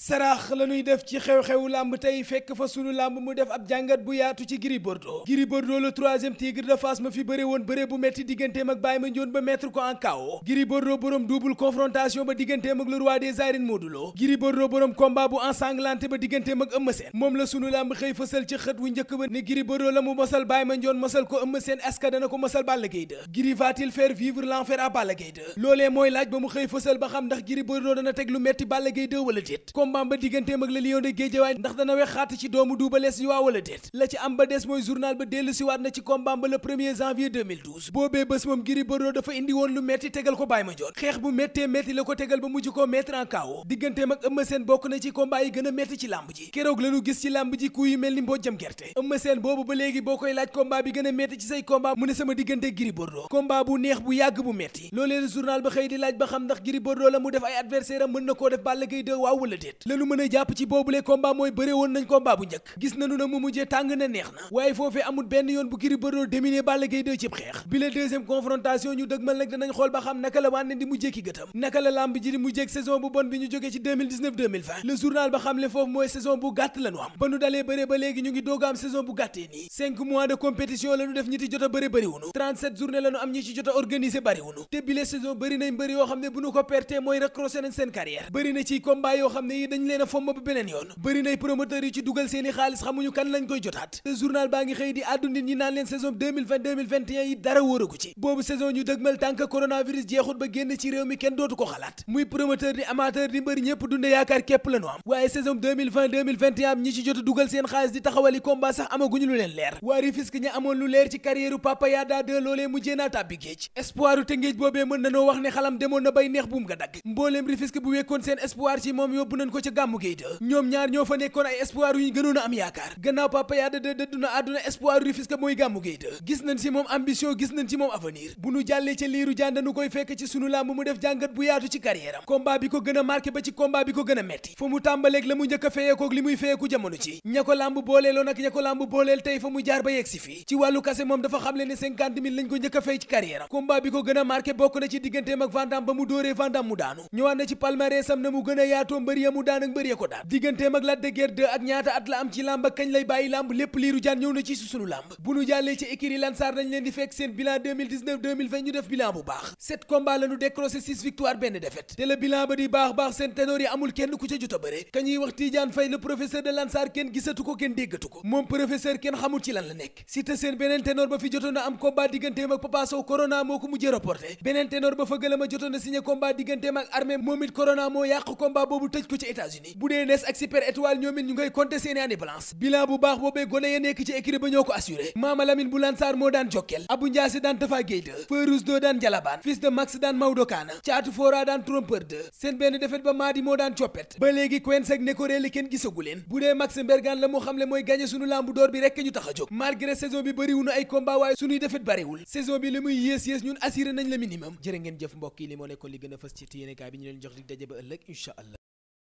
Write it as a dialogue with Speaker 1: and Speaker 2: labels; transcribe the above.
Speaker 1: saraax la ñuy def ci xew-xewu làmb tey fekk fa sunu làmb mu def ab jàngat bu yaatu ci Gris Bordeaux Gris Bordeaux le troisième tigre de Fass fi bëre woon bëre bu metti digganteem ak Baye ba mettre ko en KO Gris Bordeaux borom double confrontation ba digganteem ak le roi des arènes Modou Lo Bordeaux borom combat bu ensanglanté ba digganteem ak Eumeu Sène moom la sunu làmb xëy fësal ci xët wu njëkk ba ne Gris Bordeaux la mu mosal Baye Mandione mosal ko Eumeu Sène est-ce que dana ko laaj ba mu xëy fësal ba xam ndax Gris Bordeaux dana teg lu metti Balla Gaye wala déet combat ba digganteem ak le lion de Guédiawaye ndax dana wex xaat ci doomu Double Less yi waa wala déet la ci am ba des mooy journal ba dellu siwaat na ci combat ba le 1 janvier boobee bés moom Gris Bordeaux dafa indi woon lu metti tegal ko Baye Mandione xeex bu méttee métti la ko tegal ba mujj koo mettre en KO digganteem ak Eumeu Sène bokk na ci combat yi gën a métti ci làmb ji keroog mel ni mbojjam gerte Eumeu Sène boobu ba léegi boo koy laaj déet lanu mën a jàpp ci boobule combat mooy bëre woon nañ combat na mu mujjee tàng na neex na waaye foofee amul benn yoon bu Gris Bordeaux la ba xam naka la wànne di mujjee ki gëtam naka la lamb ji di mujjeek saison bu bon bi ñu jógee ci 2019 2020 le journal ba xam le foofu mooy saison bu gàtt la am ba nu dalee bëre léegi ñu ngi doogo saison bu gàttee nii cinq mois de compétition la def ñi ci jot a bëri journée la am ñi ci jot a organisé te bile saison bëri nañ yoo xam ne bu ñu ko perte mooy raccroché nañ seen carrière bëri na ci combat yoo xam ne yi leen a ba beneen yoon bëri nay promoteurs yi ci dugal seeni xaalis xamuñu kan lañ koy jotaat te journal baa ngi xëy di àddu nit ñi naan leen saison yi dara wóoragu ci boobu saison ñu dëgmal tànk coronavirus jeexut ba génn ci réew mi kenn dootu ko xalaat muy promoteur di amateur di mbëri ñëpp dunde yaakaar képp la am waaye saison 2020 ci jota dugal seen xaalis di taxawali combat sax amaguñu lu leen leer waa Rufisque ña amoon lu leer ci carrière ko ca gàmmu géy da ñoom ñaar ñoo fa nekkoon ay espoir yu ñu gënoon a am yaakaar gannaaw papa yaada da dëdduna àdduna espoir Rufisque mooy gàmmu géy gis nañ ci moom ambition gis nañ ci moom avenir bu nu jàllee ca liiru jàndanu koy fekk ci sunu làmb mu def jàngat bu yaatu ci carrière am bi ko gën a ba ci combat bi ko gën metti fa mu tàmbaleeg la mu njëkk a li muy feyeeku jamono ci ña ko làmb booleeloon ak ña ko làmb booleel tey fa mu daan ak mbëree ko daan digganteem ak Lac de ak ñaata at la am ci làmb ak kañ lay bàyyi làmb lépp liiru jaan ñëw na ci sunu làmb bu ñu jàllee ci écurie Lansar dañ leen di fekk seen bilan ñu def bilan bu baax sept combats la ñu décroché victoire benn défaite te le bilan ba di baax baax seen ténor yi amul kenn ku ca jot a bëre ka ñuy wax Tidiane Faye professeur de Lansar kenn gisatu ko kenn déggatu ko moom professeur kenn xamul ci la ca États-Unis bu dee nees ak super étoile ñoom it ñu ngay compter seeni année blanche bilan bu baax boobee gone ya nekk ci équipe ba ñoo ko assuré Maama Lamine bu Lansar moo daan Jokkel Abu Ndiassé daan Tafa Gueye 2 Ferouz daan Jalabaan Fils de Max daan Maodo Kaana Caatu Fora daan Trompeur 2 seen benn defet ba Maadi moo daan Coppet ba léegi Quench ak Nekoré li kenn gisagu leen bu dee Max Mbergane la mu xamle mooy gagné sunu lambu door bi rekk ñu tax a jóg malgré saison bi bëriwunu ay combat bi li muy yées a fës ci yéenekaay bi ñu leen